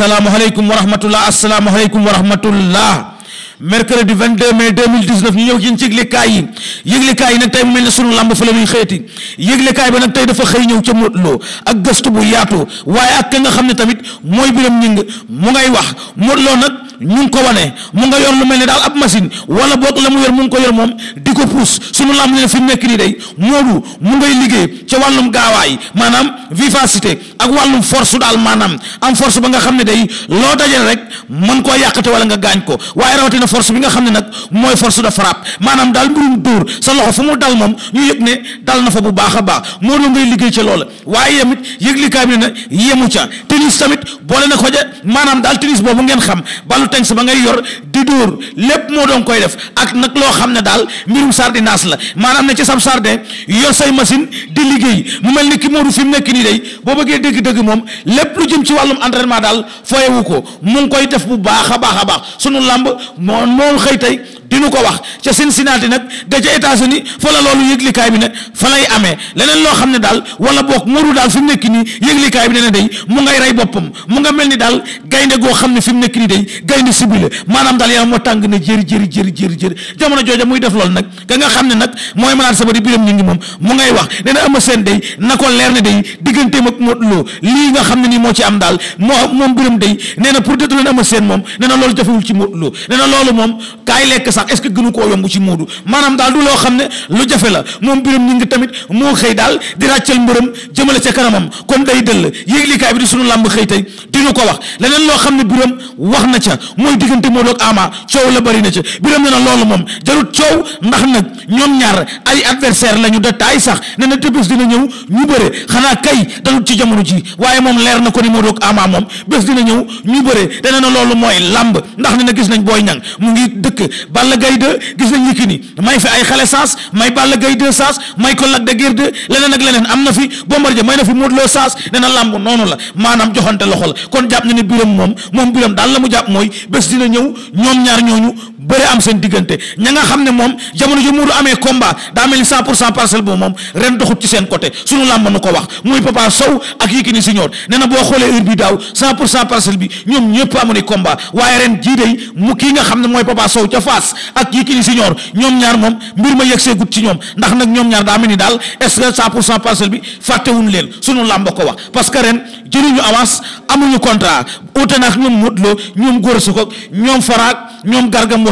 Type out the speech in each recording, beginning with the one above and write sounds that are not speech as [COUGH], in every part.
salaam asalaamaaleykum wa rahmatullah asalaamaaleykum wa rahmatullah mercredi 22 mai 2019 ñu ñëw ci yëglekaay yi yëglekaay yi nag tey mu mel ne sunu lamb fa la ñuy xëyati yëglekaay nag tey dafa xëy ñëw ca Modou Lo ak gëstu bu yaatu waaye ak ka nga xam ne tamit mooy biram ñing mu ngay wax Modou Lo nag ñu ngi ko wane mu nga yor lu mel ne daal ab machine wala boog la mu yor mu ngi ko yor moom di ko pousse sunu lam ne fi mu nekk nii day Modou mu ngay liggéey ca wàllum gaawaay maanaam vivacité ak wàllum force daal maanaam am force ba nga xam ne day loo dajale rek mën koo yàqate wala nga gaañ ko waaye rawatina force bi nga xam ne nag mooy force de frappe maanaam daal mbirum dóor sa loxo fu mu dal dal na fa bu baax a baax Modou ngay liggéey ca loola waaye yamit yëglikaay bi ne yemu ca tennis tamit boole na ko maanaam daal tennis boobu ngeen xam balu montagne sa ba ngay yor di dóor lépp moo doon koy def ak nag loo xam ne daal mbirum sardinaas la maanaam ne ci sam sarde yor say machine di liggéey mu mel ni ki Modou fi mu nekk nii day boo bëggee dëgg-dëgg moom lépp lu jëm ci wàllum entraînement daal foyewu ko mu ngi koy def bu baax a baax a baax sunu làmb moo moo xëy tey dinu ko wax ca Cincinnati nag da ca États-Unis fa la loolu yëglikaay bi nag fa lay amee leneen loo xam ne daal wala boog Modou daal fi mu nekk nii yëglikaay bi ne na day mu ngay rey boppam mu nga mel ni daal gaynde goo xam ne fi mu nekk nii day gaynde maanaam daal yaa moo tàng ne jëri jëri jëri jëri jëri jamono jooja muy def loolu nag ka nga xam ne nag mooy mënaat sabari biram ñu ngi moom mu ngay wax nee na Eumeu Sène day na ko leer ne day digganteem ak Modou nga xam ne nii moo ci am daal moo moom biram nee na pour détourner Eumeu Sène moom nee na loolu jafewul ci Modou Lo nee na loolu moom sax est-ce que gënu koo yomb ci Moodu maanaam daal du loo xam ne lu jafe la moom biram ñi ngi tamit moo xëy daal di ràccal mbërëm jëmale ca kanamam kon day dëll yéeglikaay bi di sunu làmb xëy tey diñu ko wax leneen loo xam ne biram wax na ca mooy diggante Moodu ak Ama coow la bëri na ca biram ne na loolu moom jarut coow ndax nag ñoom ñaar ay adversaire la ñu detaay sax ne na te bés dina ñëw ñu bëre xanaa kay dalut ci jamono ji waaye moom leer na ko ni Moodu ak Ama moom bés dina ñëw ñu bëre dana na loolu mooy làmb ndax ne na gis nañ booy ñang mu la Gaye 2 gis nañ Yékini may fi ay xale saas may Balla Gaye 2 saas may ko Lac de Guiers leneen ak leneen am na fi Bombardier may na fi Modou Lo saas ne na làmb noonu la maanaam joxante loxo la kon jàpp na ne biram moom moom biram daal la mu jàpp mooy bés dina ñëw ñoom ñaar ñooñu bëre am seen diggante ña nga xam ne moom jamono ju Modou amee combat daa mel ni cent pour cent parcelle boobu moom ren doxut ci seen côté sunu làmb nu ko wax muy Papa Sow ak Yékini Senior nee na boo xoolee heure daaw cent pour cent parcelle bi ñoom ñaar moom mbir ma yegg see ci ñoom ndax nag ñoom ñaar daa mel ni daal est-ce que cent pour cent parcelle bi fàttewuñ leen sunu làmb ko wax parce que ren jëluñu avance amuñu contrat ute nag ñoom Modou Lo ñoom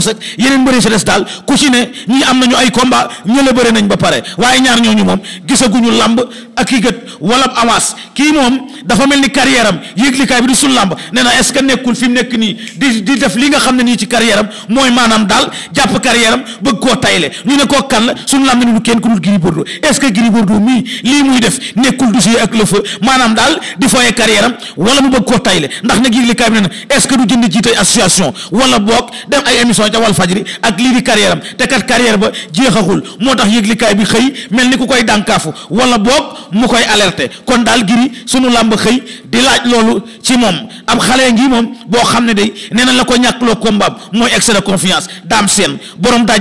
ak yeneen mbëri si des daal ku ci ne ñii am nañu ay combat ñële bëri nañ ba pare waaye ñaar ñooñu moom gisaguñu lamb ak i gët wala avance kii moom dafa mel ni carrière am yëglikaay bi di suñu lamb nee na est-ce que nekkul fi nekk nii di di def li ne nii ci carrière am maanaam daal jàpp carrière am bëgg koo tayle ñu ne koo kan la suñu lamb ni du kenn ku dul Gris Bordeaux est que Gris Bordeaux mii lii muy def nekkul du ak le maanaam daal di foye carrière am wala mu bëgg koo tayle ndax nag yëglikaay bi nee na est-ce du jënd jiitay association wala boog dem ay émission émission ca wal fajri ak lii di carrière am te kat carrière ba jeexagul moo tax yëglikaay bi xëy mel ni ku koy dànkaafu wala boog mu koy alerté kon daal giri sunu làmb xëy di laaj loolu ci moom ab xale ngi moom boo xam ne day nee na la ko ñàkkloo kombaam mooy excès de confiance daam seen borom daal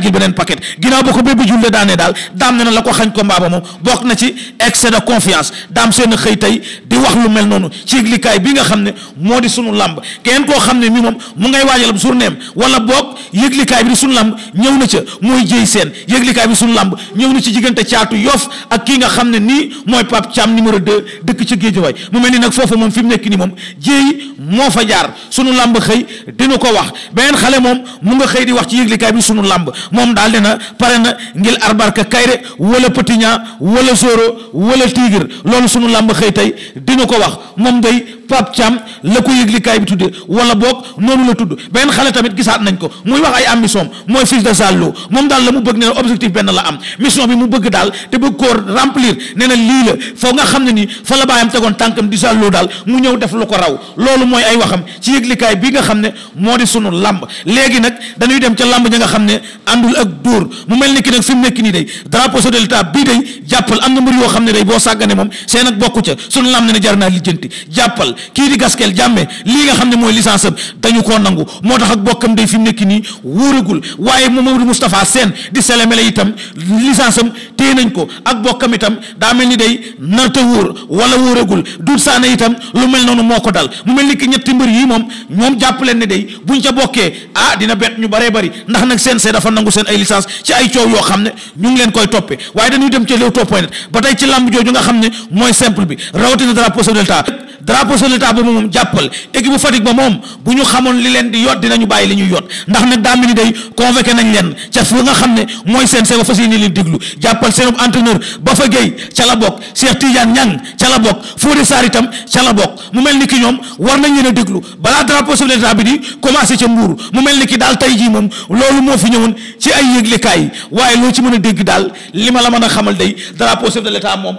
daam ne na la ko xañ kombaam ba moom bokk na ci excès de confiance daam seen xëy tey di wax lu mel noonu ci yëglikaay bi nga xam ne moo di sunu làmb keneen koo xam ne mi moom mu ngay waajalam surneem wala boog yëglikaay bi di suñu làmb ñëw na ca mooy jëy seen yëglikaay bi suñu lamb ñëw na ci diggante caatu yof ak kii nga xam ne nii mooy Pape Thiam numéro 2 dëkk ca géejawaay mu mel ni nag foofu moom fi mu nekk ni moom jéey moo fa jaar sunu lamb xëy dina ko wax beneen xale moom mu nga xëy di wax ci yëglikaay bi sunu làmb moom daal dina pare na ngir arbarka kayre wala Petit Niang wala Zoro wala Tigre loolu sunu lamb xëy tey dina ko wax moom day Pape Thiam la ko yëglikaay bi tuddee wala boog noonu la tudd benn xale tamit gisaat nañ ko muy wax ay ambition mooy fils de Zallo moom daal la mu bëgg nee na objectif benn la am mission bi mu bëgg daal te bëgg koo remplir nee na lii la foo nga xam ne ni fa la baayam tegoon tànkam di Zallo daal mu ñëw def lu ko raw loolu mooy ay waxam ci yëglikaay bi nga xam ne moo di sunu làmb léegi nag dañuy dem ca lamb ña nga xam ne àndul ak dóor mu mel ni ki nag fi mu nekk nii day drapeau de l'état bii day jàppal am na mbir yoo xam ne day boo sàggane moom seen ak bokku ca sunu lamb na jar naa lijjanti jàppal kii di gaskel jàmme lii nga xam ne mooy licence am dañu koo nangu moo tax ak bokkam day fi mu nekk nii wóoragul waaye Mamadou Moustapha seen di selemele itam licence am téye nañ ko ak bokkam itam daa mel ni day narta wóor wala wóoragul duut saane itam lu mel noonu moo ko dal mu mel ni ki ñetti mbër yi moom moom jàpp leen ne day ñu ca bokkee ah dina benn ñu baree bari ndax nag seen see dafa nangu seen ay licence ci ay coow yoo xam ne ñu ngi leen koy toppee waaye dañuy dem ca Leewtoo ba tey ci làmb jooju nga xam ne mooy simple bi rawatina drapeau chef de drapeau sur l'état boobu moom jàppal équipe bu Fatick ba moom bu ñu xamoon li leen di yot dinañu bàyyi li ñuy yot ndax ne daa mel ni day convoqué nañ leen ca fu nga xam ne mooy seen see ba fas yéene leen déglu jàppal seen entraîneur ba fa géey ca la bokk Cheikh Tidiane Niang ca la bokk Fodé saar itam ca la bokk mu mel ni ki ñoom war nañ leen a déglu balaa drapeau sur l'état bi di commencé ca mbuur mu mel ni ki daal tey jii moom loolu moo fi ñëwoon ci ay yëglekaay waaye loo ci mën a dégg daal li ma la mën a xamal day drapeau sur l'état moom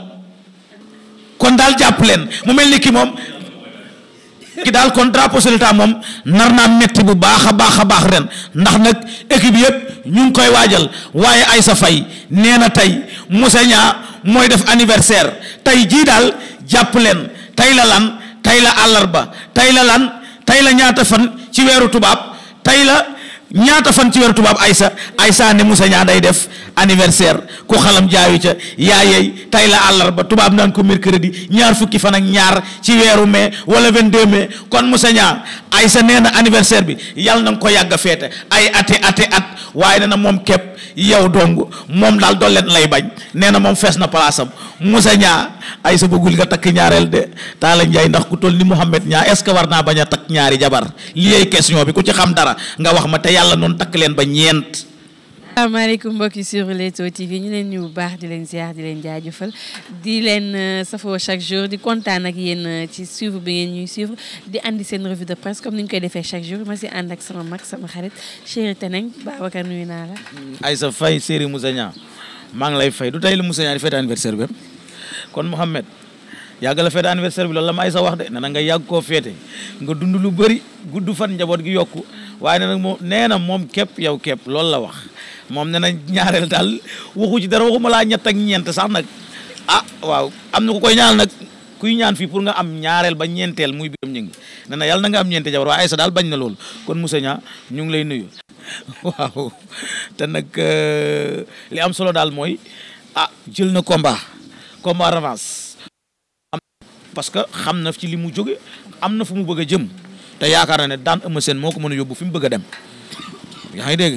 kon daal jàpp leen mu mel ni ki moom ki daal kon drapeau moom nar naa metti bu baax a baax a baax ren ndax nag équipe yëpp ñu ngi koy waajal waaye ay Faye nee na tey Moussagna mooy def anniversaire tey jii daal jàpp leen tey la lan tey la àllarba tey la lan tey la ñaata fan ci weeru tubaab tey la ñaata fan ci weeru tubaab aysa aysa ne musa ñaa day def anniversaire ku xalam jaayu ca yaayey tay la àllarba tubaab naan ko mercredi ñaar fukki fan ak ñaar ci weeru mai wala 22 mais kon musa Aysa nee na anniversaire bi yàlla na nga ko yàgg a feete ay ati ati at waaye nee na moom képp yow dong moom daal doon leen lay bañ nee na moom fees na palaasam Moussa ñaa Aysa bëggul nga takk ñaareel de Talla Ndiaye ndax ku toll ni Mouhamed ñaa est ce que war naa bañ a takk ñaari jabar lii question bi ku ci xam dara nga wax ma te yàlla noonu takk leen ba ñeent. asalaamaaleykum mbokk yi sur Leewtoo TV ñu leen ñu bu baax di leen ziar di leen jaajëfal di leen euh, safoo chaque jour di kontaan ak yéen euh, ci suivre bi ngeen ñuy suivre di andi seen revue de presse comme ni ñu koy defee chaque jour ma si ànd ak sama mag sama xarit Chéri Teneng Babacar nuyu naa la. Aïssa Faye Chéri Moussa Niang maa ngi lay fay du tey lu Moussa Niang di fête anniversaire bi kon Mouhamed yàgg la fête anniversaire bi loolu la ma sa wax de nee na nga yàgg koo féete nga dund lu bëri gudd fan njaboot gi yokku waaye nag moom nee na moom képp yow képp loolu la wax. moom nee na ñaareel daal waxu ci dara ma laa ñett ak ñeent sax nag ah waaw am na ku koy kuy ñaan fii pour nga am ñaareel ba ñeenteel muy biram ñu ngi nee na yàlla na nga am ñeente jabar waaye sa daal bañ na loolu kon Moussa Niang ñu ngi lay nuyu [LAUGHS] waaw te nag euh, li am solo daal mooy ah jël na combat combat revanche parce que xam na ci li mu jóge am na fu mu bëgg jëm te yaakaar na ne daan Eumeu seen moo ko mën yóbbu fi mu bëgg a dem yaa ngi dégg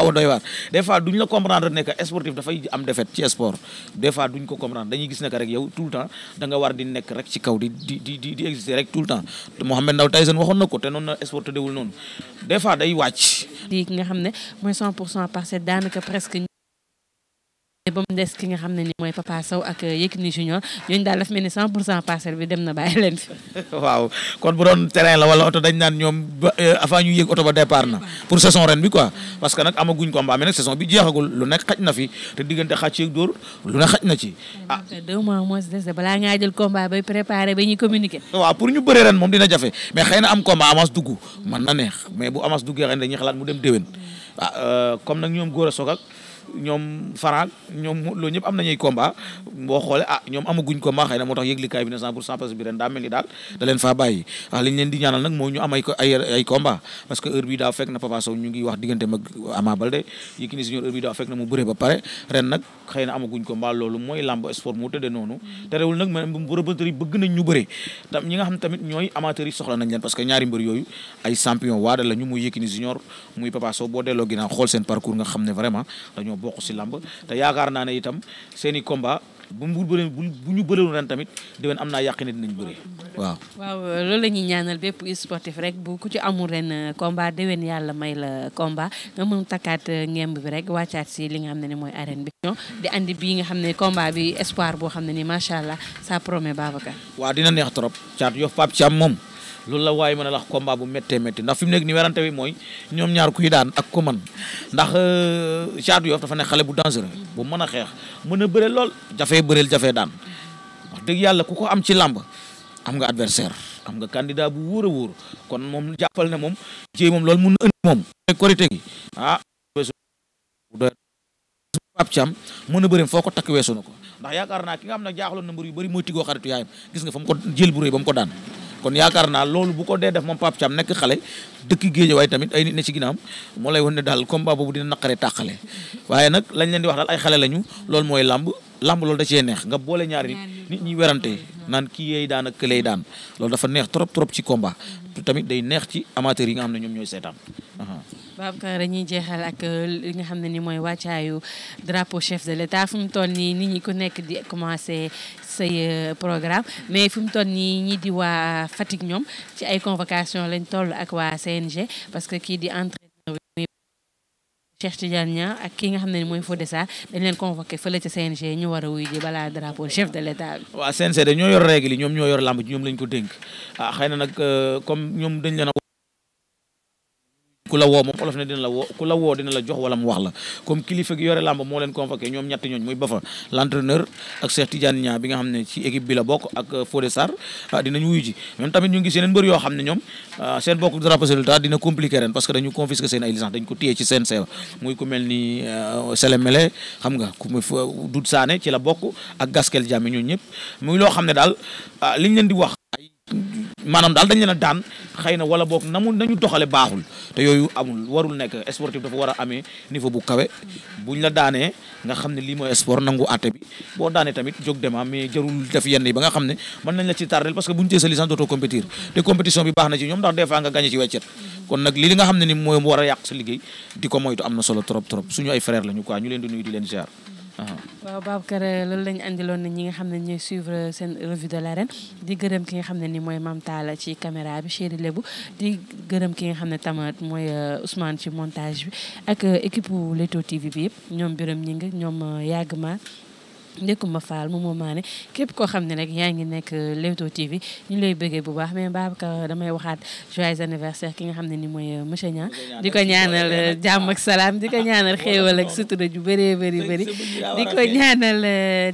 xaw a waar des fois duñ la comprendre ne que sportif dafay am défaite ci sport des fois duñ ko comprendre dañuy gis ne rek yow tout le temps da nga di nekk rek ci kaw di di rek tout le temps Mohamed Ndao Tyson waxoon ko te noonu la sport tëddeewul noonu des day wàcc. di nga xam ne parce que daanaka presque. te ba mu des ki nga xam ne ni mooy Papa Sow ak euh, Yékini Junior ñooñu daal daf mel ni pour cent parcelle bi dem na bàyyi leen fi. [LAUGHS] waaw kon bu doon terrain la wala oto dañ naan ñoom ba euh, avant ñu yéeg oto ba départ na pour saison ren bi quoi parce que nag amaguñ combat mais nag saison bi jeexagul lu nekk xaj na fi te diggante xaj yeeg dóor lu ne xaj na ci. ah deux mois moins des balaa ngaa jël combat bay préparé ba ñuy communiquer. waaw pour ñu bëree moom a ñoom Franc ñoom am nañuy combat boo parce que heure bi daa fekk na Papa Sow ñu ngi wax diggante mag Ama Baldé Yékini Junior heure bi daa fekk na mu bëree ba pare ren nag xëy na amaguñ combat loolu mooy lamb sport mu tëddee noonu te réewul nag même bu yi bëgg nañ ñu bëree tam nga xam tamit ñooy amateurs yi soxla nañ leen parce que ñaari mbër yooyu ay champion waada la ñu muy Junior muy Papa Sow boo delloo ginnaaw xool seen parcours nga xam bokk si làmb te yaakaar naa ne itam i combat bu mu bëree bu ñu bëreeloon ren tamit déwén am naa yàq ne dinañ bëree waaw. waaw loolu la ñuy ñaanal bépp sportif rek bu ku ci amul ren euh, combat déwén yàlla may la combat nga mën takkaat euh, ngemb bi rek wàccaat si li nga xam ne ni mooy arène bi. di andi bii nga xam ne combat bi espoir boo xam ne ni macha allah ça promet Babacar. waaw loolu la waaye mën a wax combat bu méttee métti ndax fi nekk ni werante bi mooy ñoom ñaar kuy daan ak ko man ndax Caatu euh, Yoff dafa ne xale bu dangereux bu mën a xeex mën a bëre lool jafee bëreel jafee daan wax dëgg yàlla ku ko am ci làmb am nga adversaire am nga candidat bu wóor a wóor kon moom jàppal ne moom jéy moom loolu mun na ëndi moom mooy korité gi ah Pape Thiam mën a bëreem ko takk weesu na ko ndax yaakaar naa ki nga yu bëri mooy tigoo xaritu yaayam gis nga fa mu ko jël bu rëy ba mu ko daan kon yaakaar naa loolu bu ko dee def moom Pape Thiam nekk xale dëkk Guédiawaye tamit ay nit ne ci ginnaam moo lay won ne daal combat boobu dina naqaree tàqale waaye nag lañ leen di wax daal ay xale lañu loolu mooy làmb làmb lool da cee neex nga boole ñaari nit nit ñi werante naan kii yeey daan ak këley daan loolu dafa neex trop trop ci komba mm. tamit day neex ci amateur yi nga xam ne ñoom ñooy seetaan Babacar dañuy jeexal ak euh, li nga xam ne ni mooy wàccaayu drapeau chef de l'état fu mu toll nii nit ñi ku nekk di commencé say euh, programme mais fu mu toll nii ñi di waa Fatick ñoom ci ay convocation lañ toll ak waa CNG parce que kii di entraîneur bi muy Cheikh ak ki nga xam ne ni mooy Fodé Sarr dañ leen convoqué fële ca CNG ñu war a wuy ji balaa drapeau chef de l'état bi. waaw CNG dañ ñoo yor règle yi ñoom ñoo yor làmb ji ñoom lañ ko dénk ah na nag euh, comme ñoom dañ leen ku la woo moom olof ne dina la woo ku la woo dina la jox wala mu wax la comme kilifa gi yore làmb moo leen convoqué ñoom ñetti ñooñ muy Bafa l'entraîneur ak Cheikh Tidiane Niang bi nga xam ne ci équipe bi la bokk ak euh, Fodé Sarr ah, dinañ wuyu ji ñoom tamit ñu ngi seen mbër yoo xam ne ñoom ah, seen bokk drapeau résultat dina compliqué parce que dañu confisqué seen ay licence dañ ko téye ci seen seew muy ku mel ni euh, Sele xam nga ku mu euh, ci la bokk ak Gaskel xëy na wala boog namu nañu doxale baaxul te yooyu amul warul nekk sportif dafa war a amee niveau bu kawe buñ la daanee nga xam ne lii mooy sport nangu àtte bi boo daanee tamit jóg dema ah, mais jarul def yenn yi ba nga xam ne mën nañ la ci tardel parce que buñ tee sa licence dootoo compétir te compétition bi baax na ci ñoom ndax des fois nga gagné ci weccet kon nag lii li nga xam ne ni mooy war a yàq sa liggéey di ko moytu am na solo trop trop suñu ay frère leen di nuyu Uh-huh. waaw Babacar eh, loolu la ñu andiloon ñi nga xam ne ñooy suivre seen revue de l'arène di gërëm ki nga xam ne ni mooy Mame ci caméra bi Chéri Lébou di gërëm ki nga xam ne tamit mooy euh, Ousmane ci montage bi ak euh, équipe Leewtoo TV bi yëpp ñoom Birame ñi ngi ñoom euh, yàgg ma Ndékoumba Fall moom moo maa ne képp koo xam ne rek yaa ngi nekk euh, Leewtoo TV ñu lay bëggee bu baax mais Babacar damay waxaat joyeux anniversaire ki nga xam ne ni mooy euh, monsieur ñaa di ko ñaanal euh, jàmm ak salaam di ko ñaanal xéewal ak sutura ju bëree bëri bëri di ko ñaanal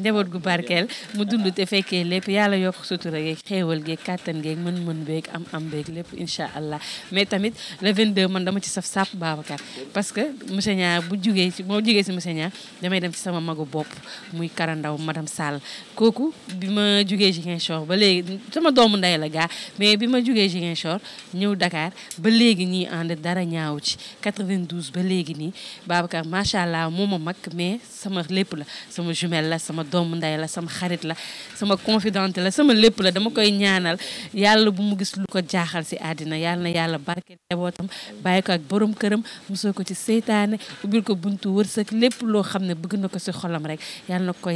njaboot gu barkeel mu dund te fekkee lépp yàlla yokk sutura geeg xéewal geeg kàttan geeg mën-mën beeg am am beeg lépp incha allah mais tamit le 22 man dama ci saf sàpp Babacar parce que monsieur Niang bu jugee ci moo jugee si monsieur Niang damay dem ci sama magu bopp muy Kara Ndaw madame Sall kooku bi ma jugee Ziguinchor ba léegi sama doomu ndey la gaa mais bi ma jugee Ziguinchor ñëw Dakar ba léegi ñii ànd dara ñaaw ci 92 ba léegi nii Babacar macha allah moo ma mag mais sama lépp la sama jumelle la sama doomu ndey la sama xarit la sama confidente la sama lépp la dama koy ñaanal yàlla bu mu gis lu ko jaaxal si àddina yàlla na yàlla barke njabootam bàyyi ko ak borom këram musoo ko ci seytaane ubbil ko buntu wërsëg lépp loo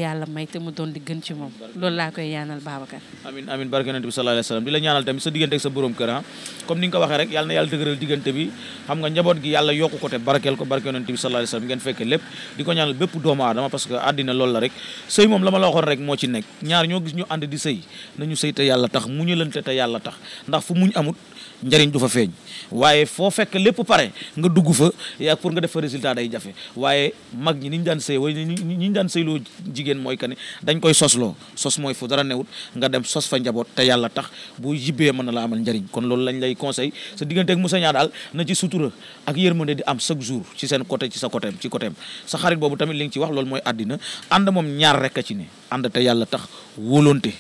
yàlla may te mu doon di gën ci moom loolu laa koy ñaanal Babacar amin amin barke bi sa diggante ak sa borom kër ah comme ni nga waxee rek yàlla dëgëral diggante bi xam nga njaboot gi yàlla yokku ko te barkeel ko barke yonent bi sallallahu alayhi wasallam ngeen fekke lépp di ko ñaanal bépp doomu aadama parce que àddina loolu la rek sëy moom la ma la rek moo ci nekk ñaar ñoo gis ñu ànd di sëy nañu sëy te yàlla tax muñalante te yàlla tax ndax fu muñ amut njëriñ du fa feeñ waaye foo fekk lépp pare nga dugg fa yaa pour nga def fa résultat day jafe waaye mag ñi ni ñu daan sëy way ñi ñu daan sëyloo jigéen mooy que ne dañ koy sosloo sos mooy fu dara newut nga dem sos fa njaboot te yàlla tax boo jibbee mën na la amal njariñ kon loolu lañ lay conseil sa diggante ak musañaa daal na ci sutura ak yërmande di am chaque jour ci seen côté ci sa côté ci côté sa xarit boobu tamit li nga ci wax loolu mooy àddina ànd moom ñaar rek ci ne ànd te yàlla tax wóolonte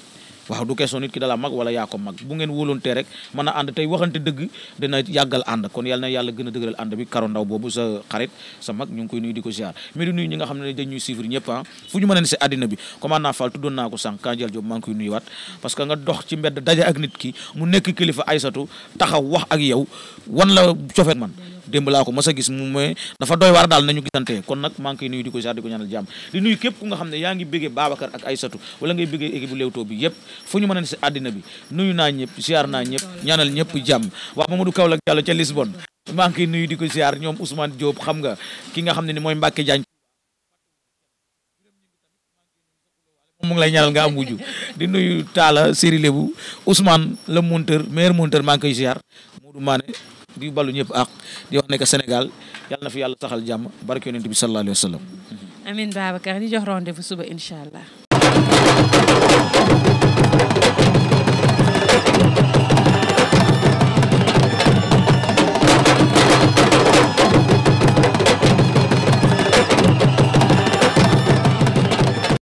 waaw du question nit ki dala mag wala yaa ko mag bu ngeen wóolontee rek mën a ànd tey waxante dëgg dina yàggal ànd kon yal na yàlla gën a ànd bi karo ndaw boobu sa xarit sa mag ñu ngi koy nuyu di ko ah, si àddina di ko ñaanal jàmm di nuyu képp ku nga xam ne yaa ngi bëggee Babacar ak Aysatu wala ngay bëggee équipe bu Leewtoo bi yëpp fu ñu mën a ne si àddina bi nuyu naa ñëpp ziar naa ñëpp ñaanal ñëpp jàmm wax Mamadou Kaolack Diallo ca Lisbonne maa ngi koy nuyu di ko ziar ñoom Ousmane Diop xam nga ki nga xam ne ni mooy Mbacke Diagne mu ngi lay ñaanal nga am wuju di nuyu Talla Siri Lebu Ousmane le monteur maire monteur maa ngi koy ziar Modou Mané di balu ñëpp ak di wax ne que Sénégal yàlla na fi yàlla saxal jàmm barke yonent bi sallallahu wa sallam.